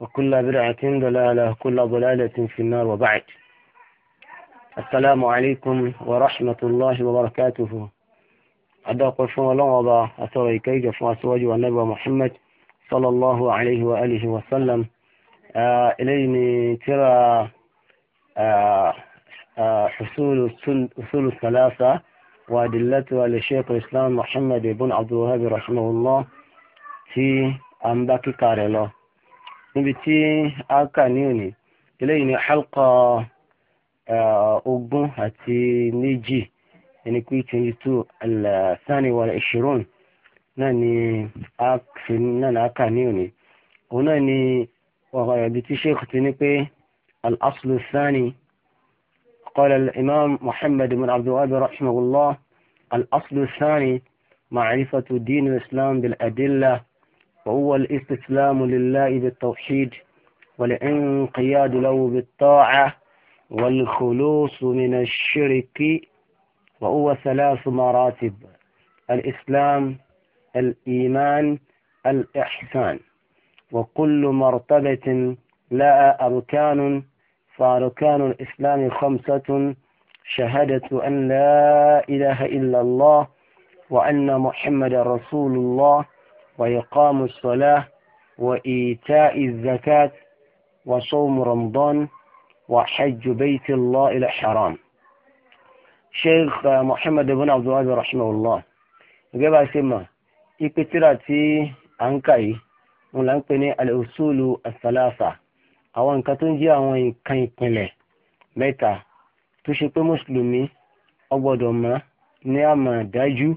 وكل بدعة دلالة وكل ضلالة في النار وبعد السلام عليكم ورحمة الله وبركاته أدعوكم فما لون وضع أثري كيجة النبي محمد صلى الله عليه وآله وسلم آه إليني ترى حصول أصول الثلاثة وأدلتها لشيخ الإسلام محمد بن عبد الوهاب رحمه الله في أنباك كارلو níbi tí a kà ní òní eléyìí ni halqa eh, ogún àti méjì ẹni pé twenty two alasani wa ishirun náà ni a fi náà ni a kà ní òní òun náà ni ibi tí sheikh ti ní pé al-aslu thani قال الإمام محمد بن عبد الوهاب رحمه الله الأصل الثاني معرفة دين الإسلام بالأدلة وهو الاستسلام لله بالتوحيد والانقياد له بالطاعة والخلوص من الشرك وهو ثلاث مراتب الإسلام الإيمان الإحسان وكل مرتبة لها أركان فأركان الإسلام خمسة شهادة أن لا إله إلا الله وأن محمد رسول الله وإقام الصلاة وإيتاء الزكاة وصوم رمضان وحج بيت الله الحرام sheikh muhammad ibn abdulwahab rahimahullah gẹ́gẹ́ bá ṣe mọ̀ ipe tíra tí a ń kà yìí wọn là ń pè ní al-usulu as-salasa àwọn nǹkan tó ń jẹ́ àwọn nǹkan ìpìlẹ̀ mẹ́ta tó ṣe pé mùsùlùmí ó gbọ́dọ̀ mọ̀ ní àmọ̀ dájú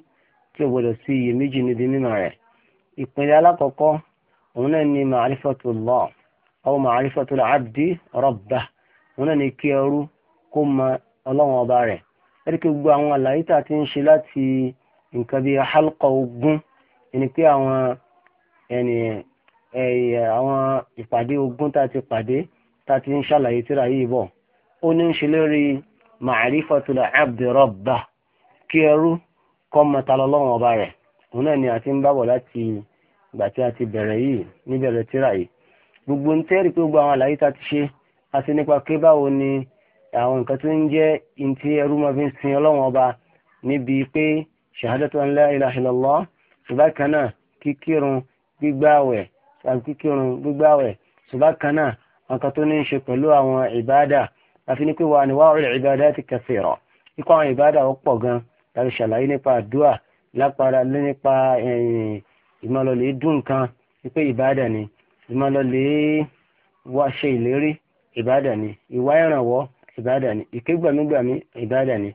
tí ó gbọ́dọ̀ sí iyèméjì níbi mímọ̀ rẹ̀ ìpínlẹ̀ alákọ̀ọ́kọ́ òun náà ni ma'rifatullah aw ma'rifatul abdi rabbah òun náà ni kí ẹrú kó mọ ọlọ́run ọba rẹ̀ ẹ̀ríkì gbogbo àwọn àlàyé tá a ti ń ṣe láti nǹkan bíi halqa ogún ẹni pé àwọn ẹni àwọn ìpàdé ogún tá a ti pàdé tá a ti ń ṣàlàyé tíra yìí bọ̀ ó ní ń ṣe lórí ma'rifatul abdi rabbah kí ẹrú kọ́ mọ ta lọ́lọ́run ọba rẹ̀ òun náà ni a ti ń bábọ̀ láti ìgbà tí a ti bẹ̀rẹ̀ yìí níbẹ̀rẹ̀ tíra yìí gbogbo ń tẹ́rì pé gbogbo àwọn àlàyé ta ti ṣe a ti nípa pé báwo ni àwọn nǹkan tó ń jẹ́ in tí ẹrú máa fi ń sin ọlọ́run ọba níbi pé ṣahadatu an la ilaha illallah ṣùgbọ́n kíkírun gbígbàwẹ̀ kíkírun gbígbàwẹ̀ ṣùgbọ́n nǹkan tó ní ṣe pẹ̀lú àwọn ìbáàdà àfi ní pé wà ní wàhálà ìbáàdà ti kẹfẹ́ ikú àwọn ìbáàdà ó pọ̀ gan-an ṣàlàyé nípa àdúrà lápara nípa ìmọ̀lọ́lẹ̀ dùn nǹkan wípé ìbádà ni ìmọ̀lọ́lẹ̀ wá ṣe ìlérí ìbádà ni ìwá ìrànwọ́ ìbádà ni ìkégbàmígbàmí ìbádà ni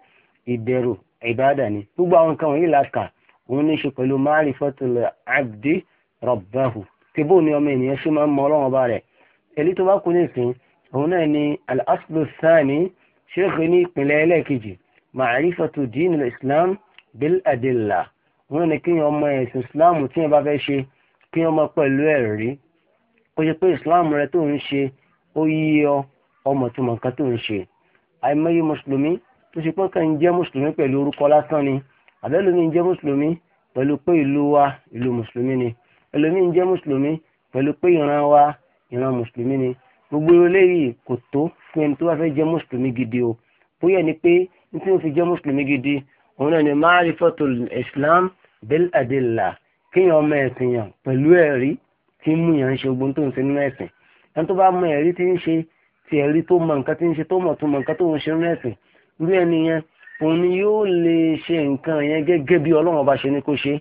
ìdẹ̀rù ìbádà ni gbogbo àwọn nǹkan wọ̀nyí la kà òun ní í ṣe pẹ̀lú ma'rifatul abdi rabbahu tìbó ni ọmọ ènìyàn ṣe máa ń mọ ọlọ́run ọba rẹ̀ èyí tó bá kú nísìn òun náà ni al-aslu thani ṣéèkì ní ìpínlẹ̀ ẹlẹ́ẹ̀kejì ma'rifatu dinil islam bil adilla wọ́n ní kíyàn ọmọ ẹ̀sìn islam tí yẹn bá fẹ́ ṣe kíyàn ọmọ pẹ̀lú ẹ̀rí kó ṣe pé islam rẹ tó ń ṣe ó yí ọ ọmọ tó mọ nǹkan tó ń ṣe àìmọye mùsùlùmí tó ṣe pọ́n kàn ń mùsùlùmí pẹ̀lú orúkọ lásán ni àbẹ́lómi ń jẹ́ mùsùlùmí pẹ̀lú pé ìlú wa ìlú mùsùlùmí ni ẹlòmí ń jẹ́ mùsùlùmí pẹ̀lú pé ìran wa ìran mùsùlùmí ni gbogbo eléyìí kò tó fún ẹni tó bá fẹ́ jẹ́ mùsùlùmí gidi o bóyá ni pé ní tí fi jẹ́ mùsùlùmí gidi òun náà ni ma'rifatul islam bil adilla kéèyàn ọmọ ẹ̀sìn yàn pẹ̀lú ẹ̀rí tí mú yàn ń ṣe ogun tó ń ṣe nínú ẹ̀sìn ẹni tó bá mọ ẹ̀rí tí ń ṣe ti ẹ̀rí tó mọ nǹkan tí ń ṣe tó mọ̀ tó mọ nǹkan tó ń ṣe nínú ẹ̀sìn irú ẹni yẹn òun ni yóò lè ṣe nǹkan yẹn gẹ́gẹ́ bí ọlọ́run ọba ṣe ni kó ṣe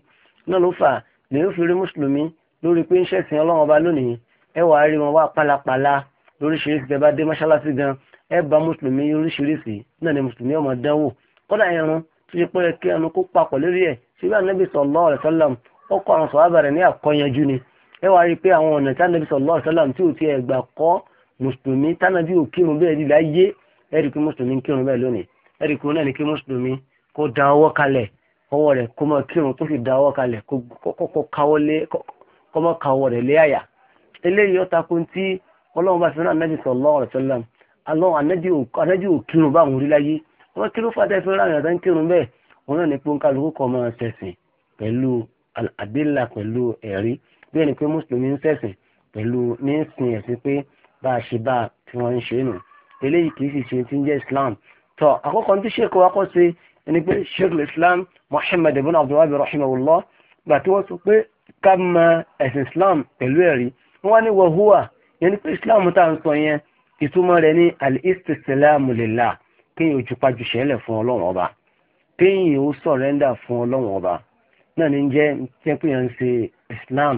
náà ló fà lèyìn fi rí mùsùlùmí lórí pé ń ṣẹ̀sìn ọlọ́run ọba lónìí ẹ wà á rí wọn wá pálapàla lóríṣiríṣi tẹ bá dé mọ́ṣáláṣí gan ẹ bá mùsùlùmí oríṣiríṣi náà ni mùsùlùmí ọmọ dánwò kọ́dà ẹran tó ṣe pé ẹ kí ẹnu kó papọ̀ lórí ẹ̀ síbí ànábì sallallahu alaihi wasallam ó kọ́ àwọn sọ̀rọ̀ àbàrẹ̀ ní àkọyanjú ni ẹ wá rí i pé àwọn ọ̀nà tí ànábì sallallahu alaihi wasallam tí ò ti ẹ̀gbà kọ́ mùsùlùmí tánàbí ò kírun bẹ́ẹ̀ líla yé ẹ rí i pé mùsùlùmí ń kírun bẹ́ẹ̀ lónìí ẹ rí i pé náà ni kí mùsùlùmí kó da ọwọ́ kalẹ̀ ọwọ́ rẹ̀ kó mọ kírun tó sì da ọwọ́ kalẹ̀ kó mọ sallallahu alaihi wasallam alọ́ ànábì ò kírun báwọn orí wọ́n kí ló fàdá ìfẹ́ ra àyàtà ń kírun bẹ́ẹ̀ wọn náà ní pé nkálukú kọ́ máa ṣẹ̀sìn pẹ̀lú àdélà pẹ̀lú ẹ̀rí bẹ́ẹ̀ ni pé mùsùlùmí ń ṣẹ̀sìn pẹ̀lú ní sin ẹ̀sìn pé bá a ṣe bá a tí wọ́n ń ṣe nù eléyìí kì í sì ṣe ti ń jẹ́ Islam tó àkọ́kọ́ tí sheikh wa kọ́ ṣe ẹni pé sheikh Islam Muhammad ibn abdulwahab rahimahullah gbà tí wọ́n sọ pé ká mọ ẹ̀sìn Islam pẹ̀lú ẹ̀rí wọ́n ní wọ́húwà yẹn ni pé Islam tá à ń sọ yẹn ìtumọ̀ rẹ̀ ní al lillah kéèyàn ojúpájú ṣẹlẹ̀ fún ọlọ́run ọba kéèyàn ó sọ̀rẹ́ndà fún ọlọ́run ọba náà ní jẹ́ pé yẹn ń ṣe islam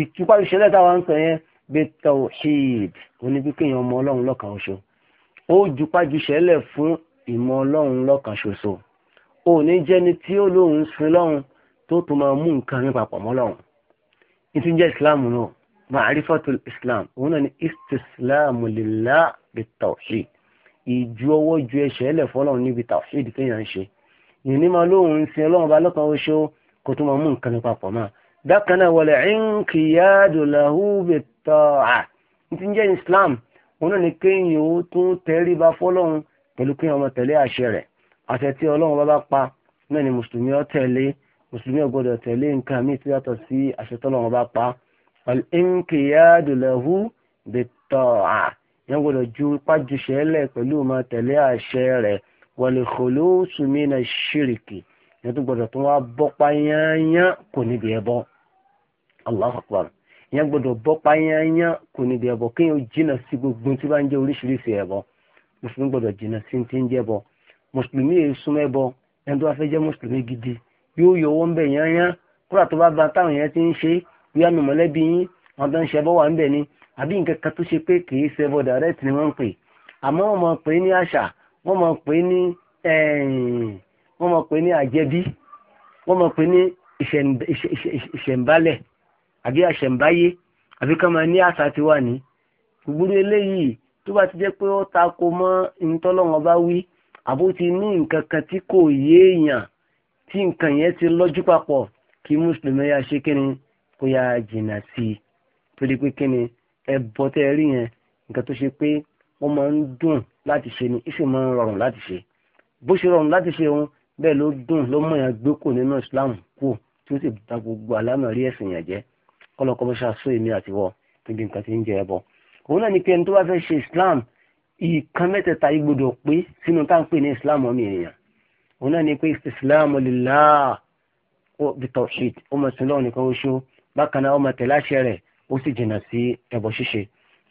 ìtúpájú ṣẹlẹ̀ táwa ń sọ yẹn bí tawhid oníbí kéèyàn mọ ọlọ́run lọ́kàn ṣoṣo ó jùpájú ṣẹlẹ̀ fún ìmọ̀ ọlọ́run lọ́kàn ṣoṣo ò ní jẹ́ni tí ó lóun sin lọ́run tó tó máa mú nǹkan mi papọ̀ mọ́ lọ́run ìtú jẹ́ islam náà ma'arifatul islam òun náà ni istislamu ìju ọwọ́ ju ẹsẹ̀ ẹlẹ̀ fọlọ́run níbi tàwíìdì téèyàn ń ṣe ìyẹn ní máa lóhùn sí ọlọ́run bá lọ́kàn oṣó kó tó máa mú nǹkan ní papọ̀ mọ́ dákan náà wọlé ẹ̀ńkìyàdù làhùbẹ̀ tọ́ à ní ti ń jẹ́ Islam òun náà ni kéèyàn ó tún tẹríba fọlọ́run pẹ̀lú kéèyàn ọmọ tẹ̀lé àṣẹ rẹ̀ àṣẹ tí ọlọ́run bá bá pa náà ni mùsùlùmí ó tẹ̀lé mùsùlùmí ò gbọdọ̀ yẹn gbọ́dọ̀ ju ipá ju ṣẹlẹ̀ pẹ̀lú máa tẹ̀lé àṣẹ rẹ̀ wọlé khulusu mina ṣìrìkì yẹn tó gbọ́dọ̀ tó wá bọ́pá yányán kò níbi ẹbọ Allahu Akbar yẹn gbọ́dọ̀ bọ́pá yányán kò níbi ẹbọ kí yẹn jìnnà sí gbogbo tí bá ń jẹ́ oríṣiríṣi ẹbọ mùsùlùmí gbọ́dọ̀ jìnnà sí ti ń jẹ́ bọ mùsùlùmí èyí súnmọ́ ẹbọ ẹni tó bá fẹ́ jẹ́ mùsùlùmí gidi yóò yọ owó ń bẹ̀ yányán kúrò àtọ́bá bá táwọn yẹn ti ń ṣe bí àbí nǹkan kan tó ṣe pé kì í ṣẹbọ direct ni wọ́n ń pè àmọ́ wọ́n mọ̀ pé ní àṣà wọ́n mọ̀ pé ní wọ́n mọ̀ pé ní àjẹbí wọ́n mọ̀ pé ní ìṣẹ̀ǹbálẹ̀ àbí àṣẹ̀ǹbáyé àbí ká máa ní àṣà ti wà ní gbogbo eléyìí tó bá ti jẹ́ pé ó tako mọ́ ìtọ́lọ́wọ́n bá wí àbó ti ní nǹkan kan tí kò yé èèyàn tí nǹkan yẹn ti lọ́jú papọ̀ kí mùsùlùmí yá ṣe kíni kó yá jìnnà sí i torí pé kíni ẹbọ tẹ́ ẹ rí yẹn nǹkan tó ṣe pé wọ́n máa ń dùn láti ṣe ni ìsì máa ń rọrùn láti ṣe bó ṣe rọrùn láti ṣe òun bẹ́ẹ̀ ló dùn ló mọ̀ yàn gbé kù nínú Islam kù tí ó sì bà gbogbo àlámà rí ẹ̀sìn yàn jẹ́ kọ́lọ́kọ́ ṣàṣọ èmi àtiwọ́ níbi nǹkan tí ń jẹ ẹbọ òun náà ni pé ẹni tó bá fẹ́ ṣe Islam ìkan mẹ́tẹ̀ẹ̀ta yìí pé sínú tá à ń pè ní Islam ọmọ ènìyàn òun náà ni pé Islamu lillah bitawhid ó mọ̀ sí lọ́wọ́ nìkan oṣù bákan náà ó mọ̀ tẹ̀láṣẹ rẹ̀ ó sì jìnnà sí ẹbọ ṣíṣe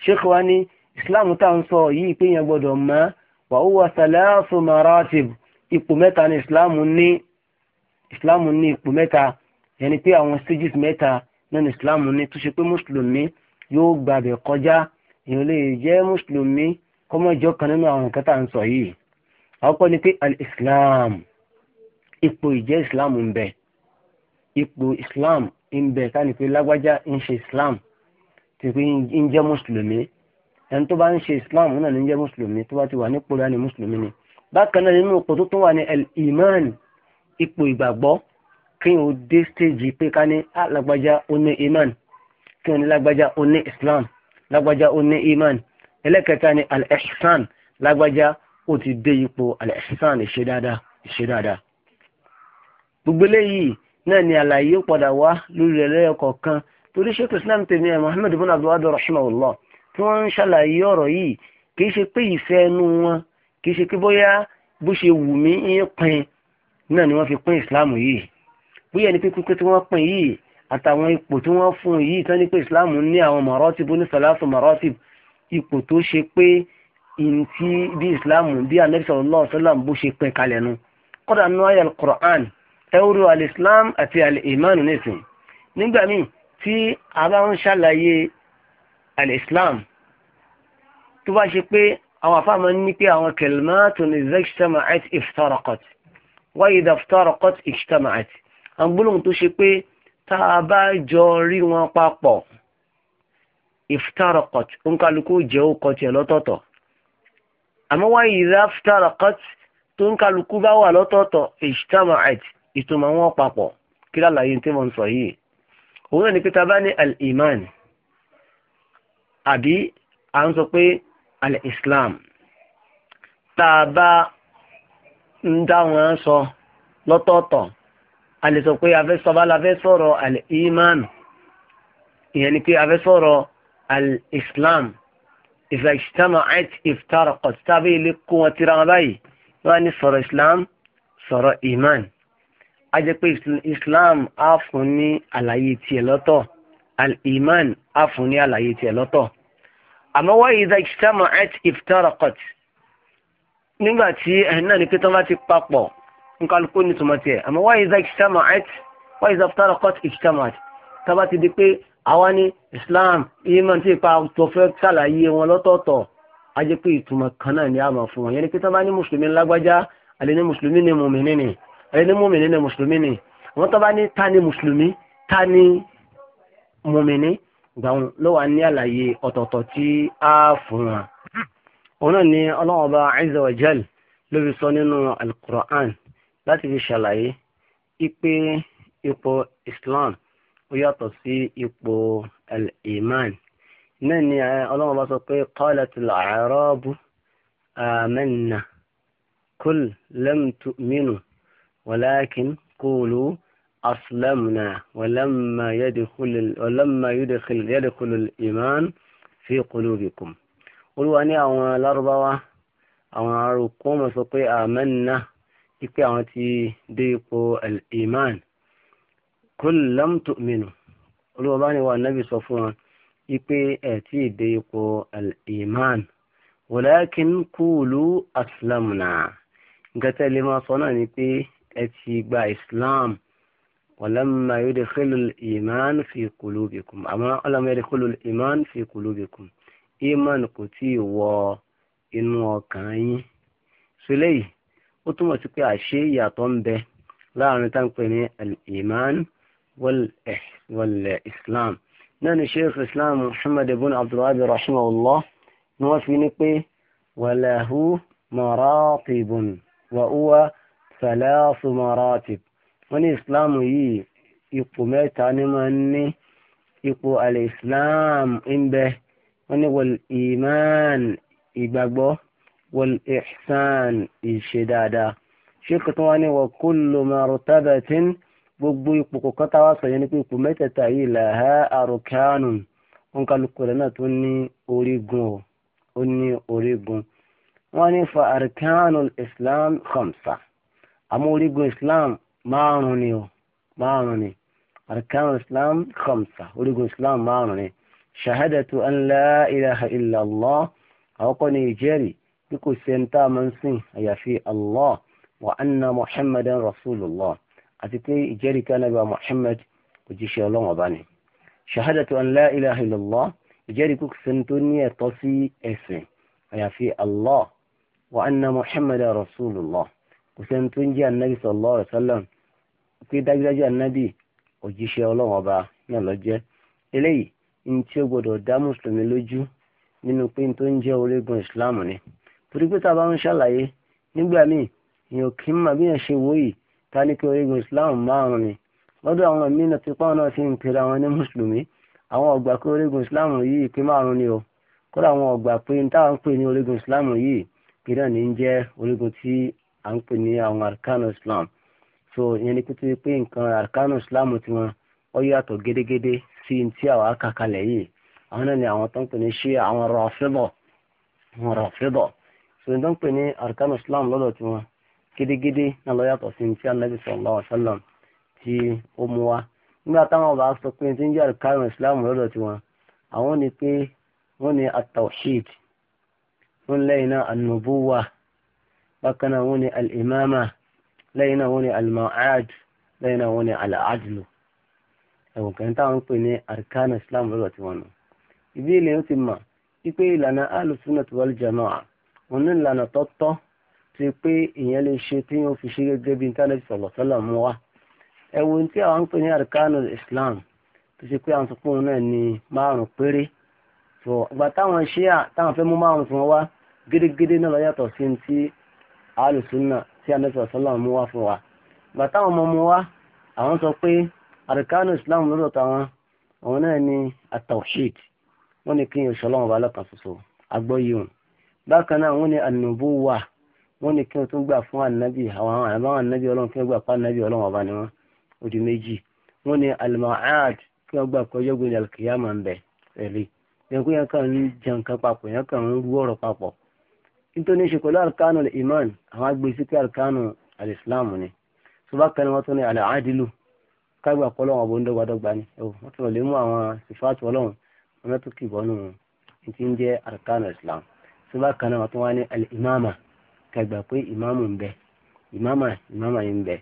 ṣéèkì wa ní islam tá à ń sọ yìí pé yẹn gbọ́dọ̀ mọ̀ wà ó wà salasu maratib ipò mẹ́ta ní islam ní islam ní ipò mẹ́ta yẹni pé àwọn stages mẹ́ta nínú islam ní tó ṣe pé mùsùlùmí yóò gbàbẹ kọjá èèyàn lè jẹ́ mùsùlùmí kọ́mọ̀jọ́ kan nínú àwọn nǹkan tá à ń sọ yìí àkọ́kọ́ ni pé al ipò ìjẹ́ islam ń bẹ ipò islam ń bẹ ká ní pé lágbájá ń ṣe islam ti pé ń jẹ́ mùsùlùmí ẹni tó bá ń ṣe islam náà ní jẹ́ mùsùlùmí tó bá ti wà nípò rẹ̀ ní mùsùlùmí ni bákan náà nínú ipò tó tún wà ní al-iman ipò ìgbàgbọ́ kí n ò dé stéèjì pé ká ní ah, lágbájá ó ní iman kí n ní lágbájá ó ní islam lágbájá ó ní iman ẹlẹ́kẹta ni al-ihsan lágbájá ó ti dé ipò al-ihsan ìṣe dáadáa ìṣe dáadáa gbogbo eléyìí náà ni àlàyé padà wá lórí ẹlẹ́yọkọ̀ kan torí sheikh islam tèmi ẹ̀ muhammed bin abdulwadar rahimahullah tí wọ́n ń ṣàlàyé ọ̀rọ̀ yìí kì í ṣe pé ìfẹ́ ẹnu wọn kì í ṣe pé bóyá bó ṣe wù mí ń pin náà ni wọ́n fi pín islam yìí bóyá ni pípín tí wọ́n pín yìí àtàwọn ipò tí wọ́n fún yìí tán ní pé islam ní àwọn maratib ní salatu maratib ipò tó ṣe pé ìntí bí islam bí anabi sallallahu alaihi bó ṣe pín kalẹ̀ nu kọ́dà nù ayé al ẹwúrò alìsílám àti alìmánu nìsín nígbà míì tí a bá ń ṣàlàyé alìsílám tó bá ṣe pé àwọn afáàmọ́ ní pé àwọn kẹlmáàtù ní zẹ́kítàmà àti ìfitọ́rọ̀kọ̀t wáyé dàfitọ́rọ̀kọ̀t ìkítàmà àti àwọn gbólóhùn tó ṣe pé tá a bá jọ rí wọn papọ̀ ìfitọ́rọ̀kọ̀t òǹkàlùkù jẹ́ ó kọ́ tiẹ̀ lọ́tọ̀ọ̀tọ̀ àmọ́ wáyé dàfitọ́rọ̀kọ̀t tó ń bá wà lọ́tọ̀ọ̀tọ̀ ijtama'at ìtumọ̀ wọn papọ̀ kí lálàyé tí mo ń sọ yìí òun náà ni pé tábà ní al-iman àbí à ń sọ pé al-islam tá a bá ń dá wọn sọ lọ́tọ̀ọ̀tọ̀ a lè sọ pé afẹ́sọ́ba la fẹ́ sọ̀rọ̀ al-iman ìyẹn ni pé afẹ́ al-islam ìfẹ́ ìṣítàmọ̀ àti ìfitárakọ̀ tábìlì kó wọn tira wọn báyìí wọn á sọ̀rọ̀ islam sọ̀rọ̀ iman a jẹ́ pé islam á fún ní àlàyé tiẹ̀ lọ́tọ̀ al-iman á fún ní àlàyé tiẹ̀ lọ́tọ̀ àmọ́ wa idha ijtama'at iftaraqat nígbà tí ẹ̀hìn náà ní pé tán bá ti papọ̀ nkálukú ní tòmọ́ tiẹ̀ àmọ́ wa idha ijtama'at wa idha iftaraqat ijtama'at tá bá ti di pé àwa ní islam iman tí ipa tó fẹ́ ṣàlàyé wọn lọ́tọ̀ọ̀tọ̀ a jẹ́ pé ìtumọ̀ kan náà ni a máa fún wọn yẹn ni pé bá ní mùsùlùmí lágbájá àlẹ́ ní mùsùlùmí ni mùmí nínú ẹni mùmìnì ni mùsùlùmí ni wọ́n tó bá ní ta ni mùsùlùmí ta ni mùmìnì gbàùn ló wà ní àlàyé ọ̀tọ̀ọ̀tọ̀ tí a fún wa. òun náà ni ọlọ́wọ́n bá azza wa jal ló fi sọ nínú alukur'an láti fi ṣàlàyé ipe ipò islam ó yàtọ̀ sí ipò al-iman náà ni eh, ọlọ́wọ́n bá sọ pé qalatil a'rabu amanna kul lam tu'minu. ولكن قولوا أسلمنا ولما يدخل ولما يدخل يدخل الإيمان في قلوبكم قلوا أني أو الأربعة أو أركم سقي آمنا إكي أنتي الإيمان كل لم تؤمنوا قلوا باني والنبي صفوان إكي أتي ديقو الإيمان ولكن قولوا أسلمنا قتل ما صنعني ẹ ti gba islam walamma yudkhilul iman fi qulubikum àmọ́ walamma yudkhilul iman fi qulubikum iman kò tí ì wọ inú ọkàn yín sílẹ̀ yìí ó túmọ̀ sí pé àṣé ìyàtọ̀ ń bẹ láàrin tá à ń pè ní al-iman islam náà ni sheikh islam muhammad ibn abdulwahab rahimahullah ni wọ́n fi ní pé walahu maratibun wa huwa salasu maratib wọ́n ní islam yìí ipò mẹ́ta ni máa ń ní ipò al-islam ń bẹ wọ́n ní wal iman ìgbàgbọ́ wal ihsan ìṣe dáadáa ṣéèkì tó wá ní wa kullu martabatin gbogbo ipò kọ̀ọ̀kan táwa sọ yẹn ní pé ipò mẹ́tẹ̀ẹ̀ta yìí laha arkanun wọn kálukú rẹ̀ náà tó ní orígun ó ní orígun wọ́n ní fa arkanul islam khamsa àmọ́ orígun islam márùn ni o márùn ni arkanu islam khamsa orígun islam márùn ni shahadatu an la ilaha illa allah àkọ́kọ́ ni ìjẹ́rìí bí kò sí ẹni tá a máa ń sìn àyàfi allah wa anna muhammadan rasulullah àti pé ìjẹ́rìí kan nàbà muhammad òjíṣẹ́ ọlọ́run ọba ni shahadatu an la ilaha illa allah ìjẹ́rìí kò sí ẹni tó ní ẹ̀tọ́ sí ẹ̀sìn àyàfi allah wa anna muhammadan rasulullah kò sẹ́ni tó ń jẹ́ anabi sallallahu alaihi wasallam pé dájúdájú anabi òjíṣẹ́ ọlọ́run ọba náà ló jẹ́ eléyìí ní tí ó gbọdọ̀ dá mùsùlùmí lójú nínú pé tó ń jẹ́ orígun islam ni torí pé tá a bá ń ṣàlàyé nígbà míì èèyàn kì í mọ bí èèyàn ṣe wò yìí ta ni pé orígun islam márùn ni lọ́dọ̀ àwọn míì náà ti pa àwọn náà ti ń pera wọn ní mùsùlùmí àwọn ọgbà pé orígun islam yìí pé márùn ni o kódà àwọn ọgbà pé táwọn ń pè ní orígun islam yìí pé náà ní ń jẹ́ orígun tí à ń pè ní àwọn arkanu islam so ìyẹn ni pété pé nǹkan arkanu islam tiwọn ó yàtọ̀ gédégédé sí ti àwọn akakalẹ̀ yìí àwọn náà ni àwọn tó ń pè ní ṣé àwọn rọ̀fíbọ̀ àwọn rọ̀fíbọ̀ so ìyẹn tó ń pè ní arkanu islam lọ́dọ̀ tiwọn gédégédé náà ló yàtọ̀ sí ti anabi sallallahu alaihi tí ó mú wa nígbà táwọn ọba sọ pé ti ń jẹ́ arkanu islam lọ́dọ̀ tiwọn àwọn ni pé wọ́n ni at wọ́n lẹ́yìn náà an bákan náà wọ́n ní al-imama lẹ́yìn náà wọ́n ní al-ma'ad lẹ́yìn náà wọ́n ní al-adlu ẹ̀wọ̀n kan táwọn ń pè ní arkana islam lọ́dọ̀ tí wọ́n nù. ìbí ilẹ̀ ó ti mọ̀ wípé ìlànà al-sunnah wal jama'a wọn ní ìlànà tọ́tọ́ ti pé ìyẹn lè ṣe tí yóò fi ṣe gẹ́gẹ́ bí Ànábì sallallahu alaihi mú wa. ẹ̀wọ̀n tí àwọn ń pè ní arkana islam tó ṣe pé àwọn sọpọ̀ náà ní márùn péré. ìgbà táwọn ṣíà táwọn fẹ́ mú márùn fún wa gédégédé náà lọ yàtọ̀ sí ti alùsùnà tí anabi sọ̀sọ́lá mú wá fún wa bàtà àwọn ọmọ mu wá àwọn sọ pé àríkánù islam lọ́dọ̀ táwọn àwọn náà ní atawhid wọ́n ní kí n sọ lọ́wọ́ balẹ̀ kan ṣoṣo agbọ́ yìí wọn bákan náà wọ́n ní ànúbúwà wọ́n ní kí n tún gbà fún ànábì àwọn àbáwọn ànábì ọlọ́run kí n gbà fún ànábì ọlọ́run ọba ni wọ́n ó méjì wọ́n ní alimaad kí wọ́n gbà pé gbé ní alikiyama ń bẹ̀ rẹ̀ rí ẹ̀kú yẹn kàn ń jẹun kan papọ̀ yẹn kàn ń rú ọ̀rọ̀ papọ̀ nítorí ní ṣe pẹ̀lú arkanu al-iman àwọn agbèsí pé arkanu al ni tó bá kan wọn tún ní al kágbà pọ́ lọ́wọ́ ọ̀bọ̀ ni wọ́n tún lè mú àwọn sifaatu ọlọ́run wọn mẹ́tò kì bọ́nù ní ti ń jẹ́ arkanu islam tó bá kan wọn tún wá ní al-imama pé imamu ń bẹ imama imama yìí ń bẹ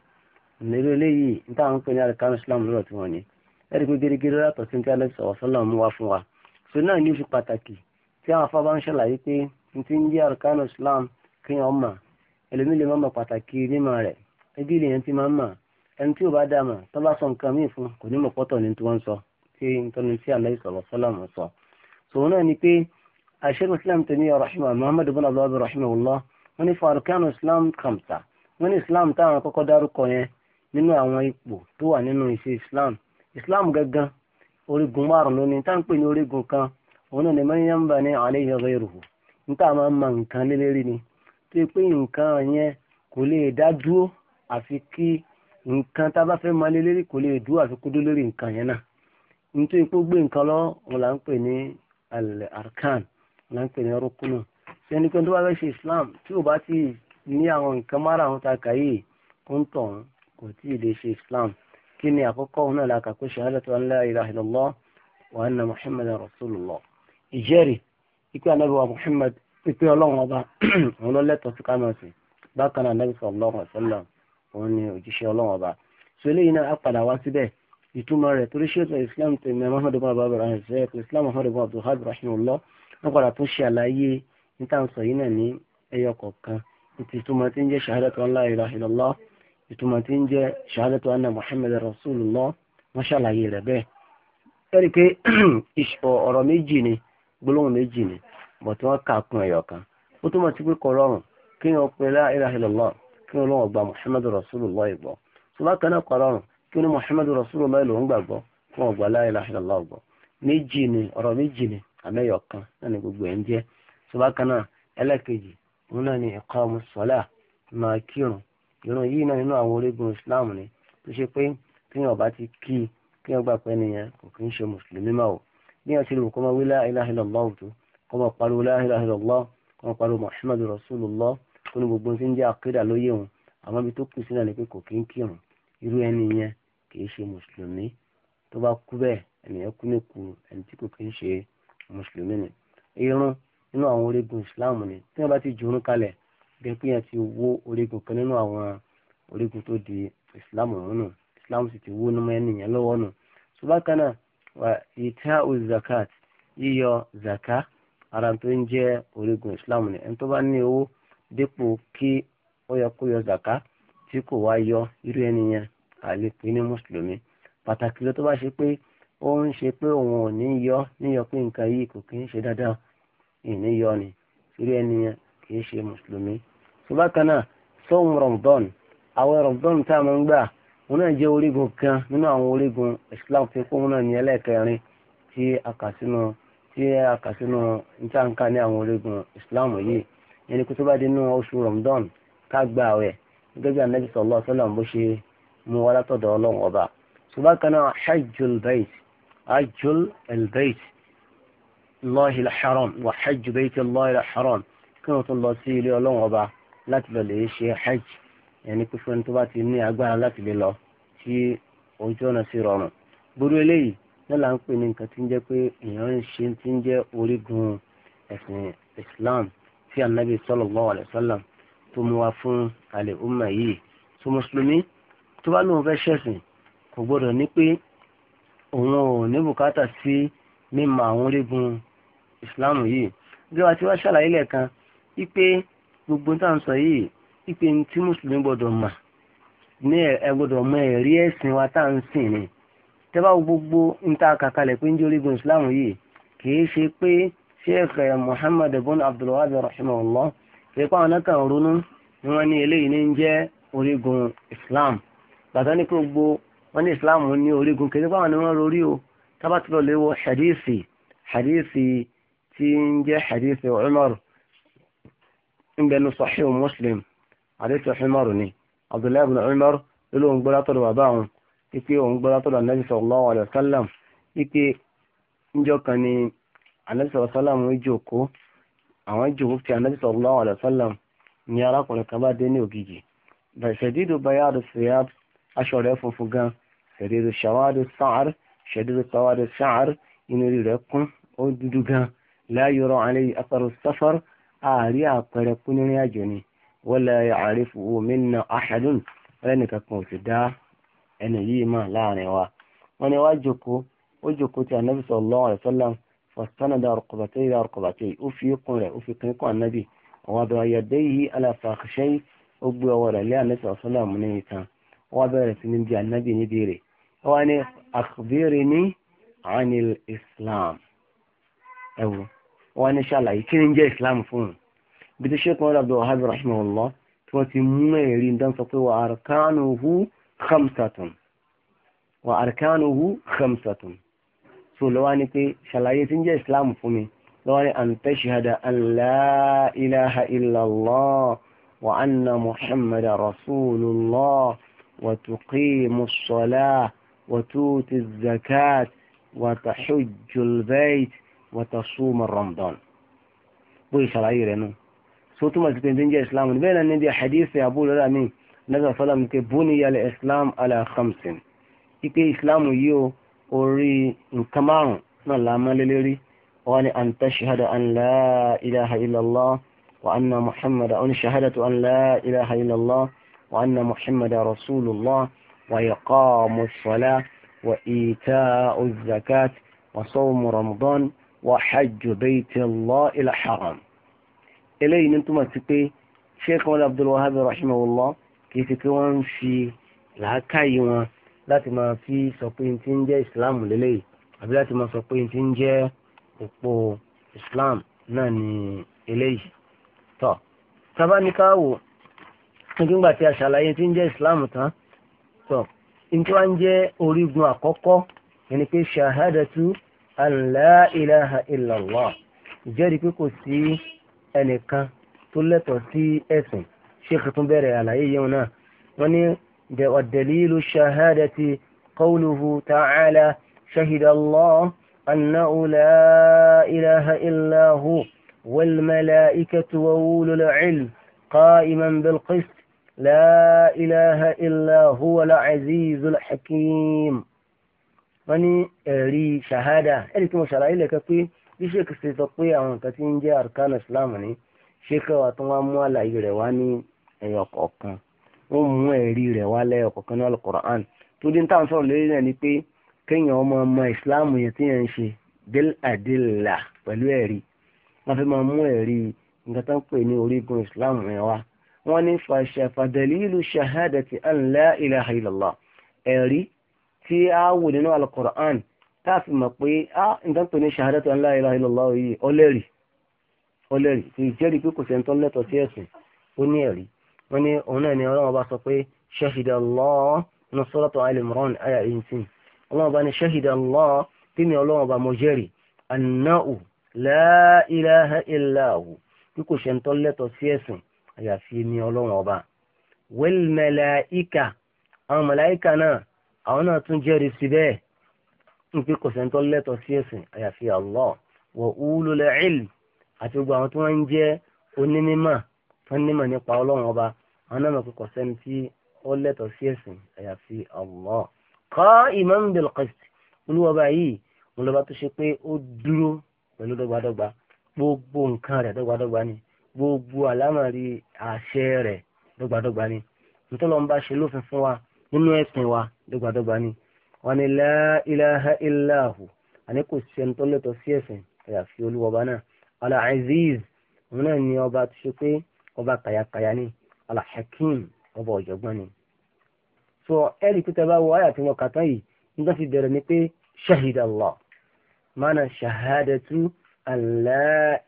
nílò eléyìí ní táwọn pè ní arkanu islam lọ́rọ̀ tí wọ́n ní ẹ̀rí pé gírígírí látọ̀ sí ní tí alẹ́ sọ̀rọ̀ sọ́lá mú wá ntí ń jẹ́ arkanu islam kéèyàn ọmọ ẹlòmíì lè má mọ pàtàkì mímọ̀ rẹ̀ ẹbí lèèyàn ti máa ń mọ̀ ẹni tí ò bá dà mọ̀ tó bá sọ nǹkan míì fún kò ní mọ̀ pọ́tọ̀ ní tí wọ́n sọ tí ntọ́ni tí aláì sọ̀rọ̀ sọ́làmù sọ. sòwò náà ni pé àṣẹ́gun islam tẹ̀mí rahima muhammad bin abdullahi rahimahullah wọ́n ní fún arkanu islam khamsa wọ́n ní islam táwọn kọ́kọ́ dárúkọ yẹn nínú àwọn ipò tó wà nínú ìṣe islam islam gangan orígun márùn lónìí táǹpẹ̀ ní orígun kan òun náà ni mọ́nyánbà ní alayhi ghayruhu nta máa ń mọ nǹkan lélẹ́rí ni tó yẹ pé nǹkan yẹn kò lè dá dúró àfi kí nǹkan tá a bá fẹ́ mọ lélẹ́rí kò lè dúró àfi kó dúró lórí nǹkan yẹn náà nítorí pé gbé nǹkan lọ wọn là ń pè ní al-arkan wọn là ń pè ní rukunu sẹ́ni pé tó bá fẹ́ ṣe Islam tí ò bá ti ní àwọn nǹkan márààrún ta kà yìí ó ń tọ̀ kò tí ì lè ṣe Islam kí ni àkọ́kọ́ òun náà la kà kó shahadatu an la ilaha illallah wa anna Muhammadan rasulullah ìjẹ́rìí ikú anabi wa muhammad ikú ọlọ́run ọba òun ló lẹ́tọ̀ọ́ sí kámẹ́sì bákan náà anabi sallallahu alaihi wasallam òun ni òjíṣẹ́ ọlọ́run ọba so eléyìí náà á padà wá síbẹ̀ ìtumọ̀ rẹ̀ torí ṣètò islam tèmi muhammad ibn abdul rahman ṣètò islam muhammad ibn abdul rahman rahimahullah wọn padà tún ṣe àlàyé nítàǹsọ yìí náà ní ẹyọ kọ̀ọ̀kan ti ìtumọ̀ tí ń jẹ́ shahadatu an la gbólóhùn méjì ni bọ̀tí wọ́n kà kún ẹ̀yọ̀ kan ó túmọ̀ sí pé kọ̀rọ̀rùn kí wọ́n pe la ilaha illallah kí wọ́n lọ́wọ́ gba muhammadu rasulullah ìgbọ́ sọlákan náà kọ̀rọ̀rùn kí wọ́n muhammadu rasulullah ìlú ń kí wọ́n gba la ilaha illallah gbọ́ méjì ni ọ̀rọ̀ méjì ni àmẹ́yọ̀ kan náà ni gbogbo ẹ̀ ń jẹ́ sọlákan náà ẹlẹ́kejì òun náà ni máa kírun ti bí wọ́n ṣe lè kọ́ máa wí la ilaha illallah òtún kọ́ máa pariwo la ilaha illallah kọ́ máa pariwo muhammadu rasulullah kó ní gbogbo tí ń jẹ́ àkídà lóye wọn àmọ́ ibi tó kù sí náà ni pé kò kí ń kírun irú ẹni yẹn kì í ṣe mùsùlùmí tó bá kú bẹ́ẹ̀ ẹnìyẹn kú ní kú ẹni tí kò kí ń ṣe mùsùlùmí ni irun nínú àwọn orígun islam ni tí wọ́n bá ti jùrún kalẹ̀ bí wà ìtá ò zakat yíyọ zaka ara tó ń jẹ́ orígun islam ni ẹni tó bá ní owó dípò kí ó yẹ kó yọ zaka tí kò wá yọ irú ẹni yẹn àlè pé ní mùsùlùmí pàtàkì ló tó bá ṣe pé ó ń ṣe pé òun ò ní yọ níyọ pé nǹkan yìí kò kí ń ṣe dáadáa ìní yọ ni irú ẹni yẹn kì í ṣe mùsùlùmí. ṣùgbọ́n kan náà sóhun rọ̀mùdọ́n àwọn rọ̀mùdọ́n tá a máa ń gbà wọn náà jẹ́ orígun kan nínú àwọn orígun islam tó kó wọn náà ní ẹlẹ́ẹ̀kẹrin tí a kà sínú tí a kà sínú nítàǹkà ní àwọn orígun islam yìí yẹn ni kó tó bá dé nínú oṣù ramadan ká gba àwẹ̀ gẹ́gẹ́ bí anabi sallallahu alaihi wasallam bó ṣe mú wa látọ̀dọ̀ ọlọ́run ọba ṣùgbọ́n kan náà hajjul bayt hajjul albayt allahi alharam wa hajj bayt allahi alharam kí wọ́n tún lọ sí ilé ọlọ́run ọba láti lọ lè ṣe hajj ẹni pé fún ẹni tó bá ti ní agbára láti lè lọ tí ojú ọ̀nà sí rọrùn gbogbo eléyìí náà là ń pè ní nǹkan tí ń jẹ́ pé èèyàn ń ṣe tí ń jẹ́ orígun ẹ̀sìn Islam tí anabi sallallahu alaihi wasallam tó mú wa fún alẹ́ umma yìí tó mùsùlùmí tó bá lóun fẹ́ ṣẹ̀sìn kò gbọ́dọ̀ ní pé òun ò ní bùkátà sí mímọ àwọn orígun Islam yìí bí wàá ti wá ṣàlàyé lẹ́ẹ̀kan wípé gbogbo táwọn sọ yìí ipe tí mùsùlùmí gbọ́dọ̀ mà ní ẹ gbọ́dọ̀ mọ ẹ̀rí ẹ̀sìn wa tá à ń sìn ni tẹ́bá gbogbo ń ta kàkálẹ̀ pé ń jẹ́ orígun islam yìí kìí ṣe pé sheikh eh, muhammad ibn abdulwahab rahimahullah ṣe pé àwọn kan ronú ni wọ́n ní eléyìí ní ń jẹ́ orígun islam bàtà ní pé gbogbo wọ́n ní islam ní orígun kìí ṣe pé àwọn ni wọ́n rorí o tábà tó lọ lè wọ hadithi hadithi tí ń jẹ́ hadithi umar ń bẹnu sahih muslim àdéhùn Umar ni Abdullahi ibn Umar ló ń gbọ́dá tọ́lọ̀ bàbá òun wípé òun gbọ́dá tọ́lọ̀ anabi sallallahu alayhi wa sallam wípé níjọ́ kan ni anabi sallallahu alayhi wa sallam ń jòkó àwọn jòkó ti anabi sallallahu alayhi wa sallam ni arákùnrin kan bá dé ní ògìgì ṣẹ̀dídò bayáàdù siyab aṣọ rẹ̀ funfun gan ṣẹ̀dídò ṣàwádù sáàr ṣẹ̀dídò sáwádù sáàr inú rẹ̀ kún ó dúdú gan la yura alayhi atharu safar àárí àpẹẹrẹ kún àjò ni wala ya'rifuhu minna ahadun ẹnìkan kan ò sì dá ẹni yìí mà láàrin wa wọ́n ní wá jókòó ó jókòó ti ànábì sallallahu alaihi wasallam fastanada rukbatayhi ila rukbatayhi ó fi kún rẹ̀ ó fi kún kún ànábì wada yadayhi ala fakhshay ó gbé ọwọ́ rẹ̀ lé ànábì sallallahu alaihi wasallam ní ìtàn wọ́n bẹ̀rẹ̀ sí ní bí ànábì níbi rẹ̀ wọ́n ní akhbirni ní bí ti ṣékùn ọ̀rọ̀ Abdul Wahhab rahimahullah tí wọ́n ti mú ẹ̀rí ń dánsọ pé wà arkanuhu khamsatun wà arkanuhu khamsatun so lọ́wọ́ ni pé ṣàlàyé tí ń jẹ́ islam fún mi lọ́wọ́ ni an tashhada an la ilaha illallah wa anna muhammad rasulullah wa tuqimu as wa tuti zakat wa tahujju al-bayt wa tasuma ramadan bó ìṣàlàyé rẹ̀ náà tó túmọ̀ sí pé ní jẹ́ islam bẹ́ẹ̀ náà níbi àhàdíìsì Abu Hurairah mi nígbà sọ́lá mi pé buniya al-islam ala khamsin ipe islam yìí o orí nǹkan márùn náà lámọ́lélẹ́rí wọ́n ni an tashhada an la ilaha illallah wa anna muhammad an shahadatu an la ilaha illallah wa anna muhammad rasulullah wa iqamu salah wa ita'u zakat wa sawmu ramadan wa hajju bayti allahi al-haram eléyìí ní túmọ̀ sí pé sheikh wọn abdul wahab rahimahullah kì í ṣe pé wọ́n ń fi làákàyè wọn láti máa fi sọ pé n ti ń jẹ́ islam lélẹ́yìí àbí láti máa sọ pé n ti ń jẹ́ òpó islam náà ni eléyìí tọ́ tábánikáwò nígbà tí a ṣàlàyé ti ń jẹ́ islam tán tọ́ n tí wọ́n ń jẹ́ orígun àkọ́kọ́ ẹni pé shahadatu an la ìjẹ́rìí pé kò sí. ẹnìkan tó lẹ́tọ̀ọ́ sí ẹ̀sìn ṣéèkì tún bẹ̀rẹ̀ àlàyé yẹn náà wọ́n ní ad-dalilu shahadati qawluhu ta'ala shahida Allah annahu la ilaha illa hu wal malaikatu wa ká ilm qa'iman bil qist la ilaha illa huwa al-azizul hakim wọ́n ní ẹ̀rí ṣahada ẹ̀rí tí mo ṣàlàyé lẹ́kẹ́ pé bí sheik ṣe sọ pé àwọn nǹkan tí ń jẹ́ arkan islam ni sheik wa tó wá mú àlàyé rẹ̀ wá ní ẹ̀yọ̀ kọ̀ọ̀kan ó mú ẹ̀rí rẹ̀ wá lẹ́yọ̀ kọ̀ọ̀kan ní alukoran tó dín táwọn sọ̀rọ̀ lórí rẹ̀ ni pé kéèyàn ọmọ ọmọ islam yẹn tí yẹn ń ṣe del adela pẹ̀lú ẹ̀rí wọ́n fi máa mú ẹ̀rí nǹkan tó ń pè ní orígun islam yẹn wá wọ́n ní fàdàlílù shahadati an la ilaha illallah ẹ̀rí tí a wò nínú alukoran táàfì mọ̀ pé á nǹkan tó ní ṣahadatu an la ilaha illallah yìí ọlẹ́rì ọlẹ́rì kì í jẹ́rìí pé kò sẹ́ńtọ́ lẹ́tọ̀ sí ẹ̀sìn ó ní ẹ̀rí wọ́n ní òun náà ni ọlọ́run bá sọ pé ṣahida Allah ní suratu Al-Imran àyà eighteen ọlọ́run bá ní ṣahida Allah tí ni ọlọ́run bá mọ jẹ́rìí annahu la ilaha illa hu bí kò sẹ́ńtọ́ lẹ́tọ̀ sí ẹ̀sìn àyàfi ni ọlọ́run ọba nípe kò sẹ́ńtọ́ lẹ́tọ̀ sí ẹ̀sìn àyàfi Allah wa ulul ilm àti gbogbo àwọn tí wọ́n ń jẹ́ onímọ̀ tó nímọ̀ nípa ọlọ́run ọba àwọn náà mọ̀ pé kò sẹ́ni tí ó lẹ́tọ̀ sí ẹ̀sìn àyàfi Allah qa'iman bil qist olúwọba yìí wọn lọba tó ṣe pé ó dúró pẹ̀lú dọ́gbadọ́gba gbogbo nǹkan rẹ̀ dọ́gbadọ́gba ni gbogbo àlámọ̀rí àṣẹ rẹ̀ dọ́gbadọ́gba ni nítorí wọn bá ṣe lófin fún wa nínú ẹ̀sìn wa dọ́gbadọ́gba ni wọn ni la ilaha illahu àní kò sí ẹni tó lẹ́tọ̀ọ́ sí ẹ̀sìn àyàfi olúwa ọba náà al-aziz òun náà ni ọba tó ṣe pé ọba kàyàkàyà ni al-hakim ọba ọ̀jọ̀gbọ́n ni. so ẹ̀rí pété bá wọ àyà tí wọn kàtá yìí nígbà tí bẹ̀rẹ̀ ni pé shahid mana shahadatu an la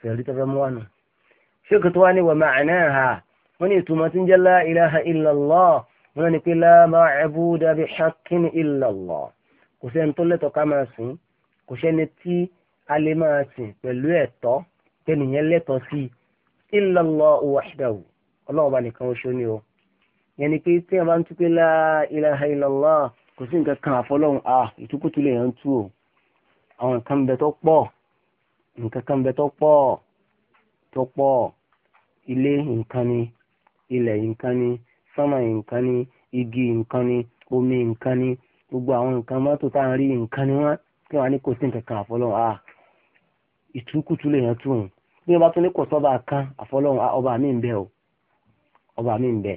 fẹ̀rí tó mú wánu. ṣé kò tó wá ní wà ma'naha wọ́n ní ìtumọ̀ tí ń jẹ́ la ilaha wọn ni pé la ma'buda bi haqqin illa Allah kò sẹ́ni tó lẹ́tọ̀ọ́ ká máa sìn kò sẹ́ni tí a lè máa sìn pẹ̀lú ẹ̀tọ́ tẹnìyẹn lẹ́tọ̀ọ́ sí illa Allah wahdahu ọlọ́ọ̀bá nìkan oṣó ni o yẹn ni pé tí a bá ń tú pé la ilaha illa kò sí nǹkan kan àfọlọ́hún a ìtúkùtù lè yàn tú o àwọn nǹkan bẹ tó pọ̀ nǹkan kan bẹ tó pọ̀ tó pọ̀ sánmà nǹkan ni igi nǹkan ni omi nǹkan ni gbogbo àwọn nǹkan mọ́tò tá à ń rí nǹkan ni wọ́n kí wọ́n á ní kò sí nǹkan kan àfọlọ́run a ìtúkùtù lè yàn tún un bí wọ́n bá tún ní kò sọ́ba kan àfọlọ́run ọba mi ń bẹ o ọba mi ń bẹ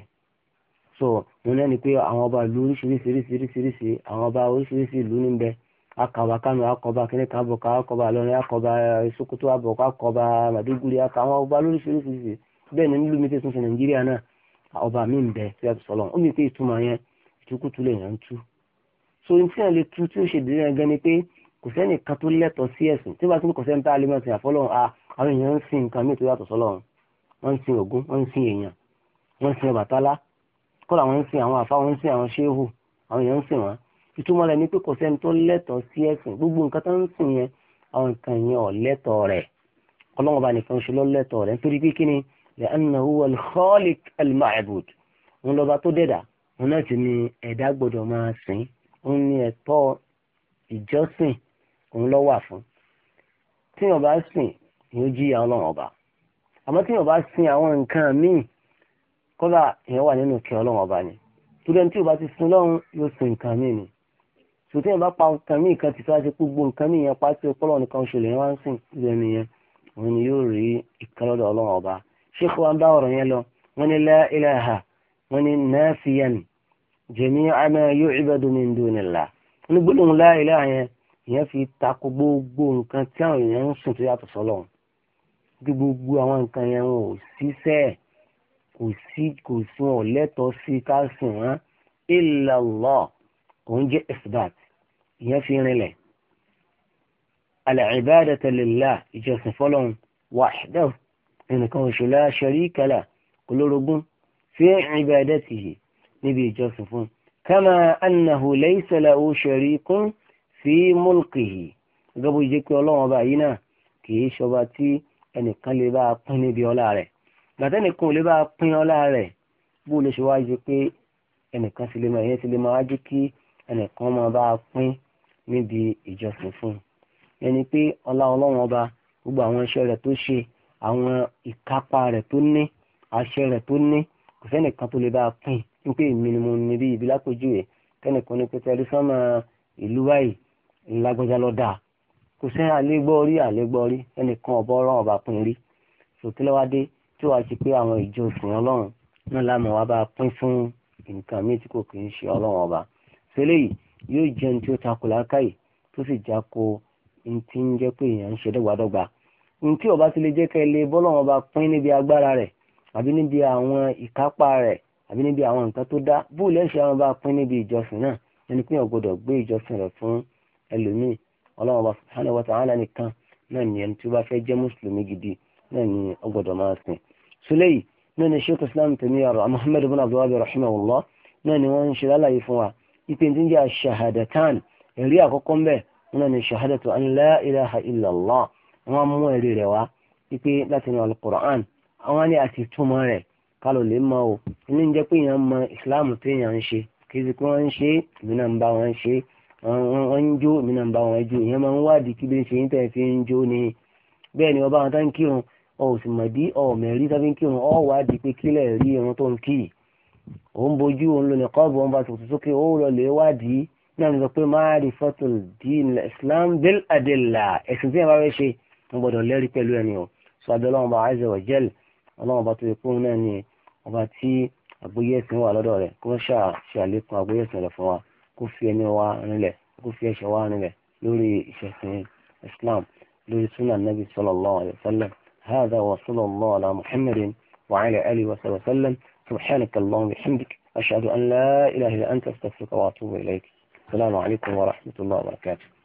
so mo náà ni pé àwọn ọba ìlú oríṣiríṣiríṣiríṣi àwọn ọba oríṣiríṣi ìlú ní bẹ akàwà kánú akọba kíní kan bọ̀ akọba lọrin akọba Sokoto abọ̀ akọba Maiduguri akọ àwọn ọba lóríṣiríṣi bẹ́ẹ̀ ni nílùú mi ti tún ṣe Nàìjíríà náà ọba mi ń bẹ tí a ti sọlọ ó mi pé ìtumọ̀ yẹn ìtukùtù lè yàn ń tú so ní tí yàn lè tú tí ó ṣe dèrè gan ni pé kò sẹ́ni kan tó lẹ́tọ̀ọ́ sí ẹ̀sìn tí bá tún kò sẹ́ni tá a lè máa sìn àfọlọ́run ah, àwọn èèyàn ń sin nǹkan mìíràn tó yàtọ̀ sọlọ́run wọ́n ń sin Ògún wọ́n ń sin èèyàn wọ́n ń sin Ọbàtálá kọ́lá wọ́n ń sin àwọn àfa wọ́n ń sin àwọn ṣéhù àwọn èèyàn ń sìn wọ́n ìtumọ̀ rẹ̀ ni pé kò sẹ́ni tó lẹ́tọ̀ọ́ sí ẹ̀sìn gbogbo nǹkan tó ń sìn yẹn àwọn nǹkan yẹn ò lẹ́tọ̀ọ́ rẹ̀ Ọlọ́run ni لأنه هو الخالق المعبود òun lọ́ba tó dẹ̀dà òun náà sì ni ẹ̀dá gbọ́dọ̀ máa sìn òun ni ẹ̀tọ́ ìjọsìn òun ló wà fún tí wọn bá sìn yóò jìyà ọlọ́run ọba àmọ́ tí wọn bá sìn àwọn nǹkan míì kọ́lá èèyàn wà nínú kí ọlọ́run ọba ni tùdẹ̀ tí wọn bá ti sin lọ́run yóò sin nǹkan míì ni tùtù yẹn bá pa nǹkan míì kan ti fẹ́ gbogbo nǹkan míì yẹn pa sí ọpọlọ nìkan ṣe lè wá ń sìn ìrẹ́ni yẹn òun ni yóò rí ìkànnọ́dọ̀ ọlọ́run ọba ṣéèkù wa ń bá ọ̀rọ̀ yẹn lọ wọ́n ní la ilaha wọ́n ní nafiyan jami'a ma yu'badu min dunillah wọ́n ní gbólóhùn la ilaha yẹn ìyẹn fi takò gbogbo nǹkan tí àwọn èèyàn ń sùn tó yàtọ̀ sọ́lọ́run bí gbogbo àwọn nǹkan yẹn wọn ò ṣiṣẹ́ kò sí kò sun ọ̀lẹ́tọ̀ sí ká sìn wọ́n illa òun jẹ́ isbat ìyẹn fi rinlẹ̀ al-ibadatu lillah ìjọsìn fọ́lọ́run wahdahu ẹnìkan òṣèlú aṣọrí kálá olórogún fi ibadatihi níbi ìjọsìn fún kama annahu laysa lahu sharikun fi mulkihi gbogbo ìjẹ́ pé ọlọ́run ọba yìí náà kì í ṣọba tí ẹnìkan lè bá a pín níbi ọlá rẹ̀ gbàtẹ́nìkan ò lè bá a pín ọlá rẹ̀ bó lè ṣe wá jẹ́ pé ẹnìkan sì lè máa yẹn sì lè máa jẹ́ kí ẹnìkan máa bá a pín níbi ìjọsìn fún un ẹni pé ọlá ọlọ́run ọba gbogbo àwọn iṣẹ́ rẹ̀ tó ṣe àwọn ìkápá rẹ̀ tó ní àṣẹ rẹ̀ tó ní kò sẹ́nìkan tó lè bá a pín wípé èmi ni mo ní bí ibi lápèjúwe kẹ́nìkan ní pété ẹlú sọ́mọ ìlú báyìí ńlágbọ́já lọ dáa kò sẹ́ àlégbọ́rí àlégbọ́rí ẹnìkan ọ̀bọ ọ̀rọ̀ ọ̀bà pín rí sòkèlèwádé tí wàá ti pé àwọn ìjọsìn ọlọ́run náà lámọ̀ wá bá a pín fún nǹkan míì tí kò kì í ṣe ọlọ́run ọba sẹ́lẹ̀ yìí yóò jẹun tí ó takò lákàyè nítí ọba ti lè jẹ́ kẹ́ lè bọ́lọ́wọ́n bá pín níbi agbára rẹ̀ àbí níbi àwọn ìkápá rẹ̀ àbí níbi àwọn nǹkan tó dá bó lẹ́sẹ̀ àwọn bá pín níbi ìjọsìn náà ẹni pé ọ̀gbọ́dọ̀ gbé ìjọsìn rẹ̀ fún ẹlòmíì ọlọ́wọ́n bá subhanahu wa nìkan náà ni ẹni tí ó bá fẹ́ jẹ́ mùsùlùmí gidi náà ni ọgbọ́dọ̀ máa sìn. sọlẹ́yì náà ni sheikh islam tẹ̀mí ọ̀rọ̀ muhammed bin abdullahi rahimahullah náà ni wọ́n wọ́n mú ẹ̀rí rẹ̀ wá wípé láti inú alukur'an àwọn ni àti túmọ̀ rẹ̀ kálò lè mọ o inú ń jẹ́ pé èèyàn mọ islam tí èèyàn ń ṣe kì í ṣe pé wọ́n ń ṣe èmi náà ń bá wọn ṣe wọ́n ń jó èmi náà ń bá wọn jó èèyàn máa ń wádìí kí bí ṣe ń tẹ̀ fi ń jó ni bẹ́ẹ̀ ni ọba àwọn tó ń kírun ọ sì mọ̀ bí ọ ò mẹ̀rí ń kírun ọ wádìí pé kílẹ̀ rí irun tó ń kì í òun bojú òun lò kọ́ọ̀bù òun bá tòkòtò sókè ó lọ lè wádìí náà ní sọ pé máa rí fọ́tò dín islam bil adilla ẹ̀sìn tí yẹn bá fẹ́ ṣe ń gbọ́dọ̀ lẹ́rí pẹ̀lú ẹni o sọ abẹ́ ọlọ́run bá azza wa jal ọlọ́run bá tó yẹ kóhun náà ni ọba tí àgbóyè ẹ̀sìn wà lọ́dọ̀ rẹ̀ kó ṣáà ṣe àlékún àgbóyè ẹ̀sìn rẹ̀ fún wa kó fi ẹni wa rinlẹ̀ kó fi ẹ̀ṣẹ̀ wa rinlẹ̀ lórí ìṣẹ̀sìn islam lórí sunnah nabi sallallahu alayhi wa sallam هذا وصلى الله على محمد وعلى آله وصحبه وسلم سبحانك اللهم وبحمدك أشهد أن لا إله إلا أنت أستغفرك وأتوب إليك السلام عليكم ورحمة الله وبركاته